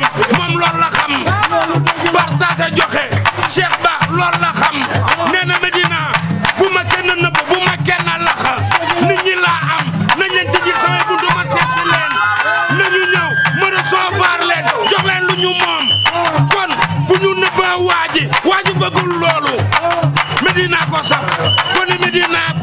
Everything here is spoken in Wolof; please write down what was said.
problème moom loolu la xam partage joxe Cheikh Ba loolu la xam nee Medina bu ma kenn nëbb bu ma kenn lax nit ñi laa am nañ leen tëjil samay buntu ma seet si ñëw ma recevoir leen jox lu ñu moom kon bu ñu nëbba waa ji waa ji loolu Medina ko sax kon Medina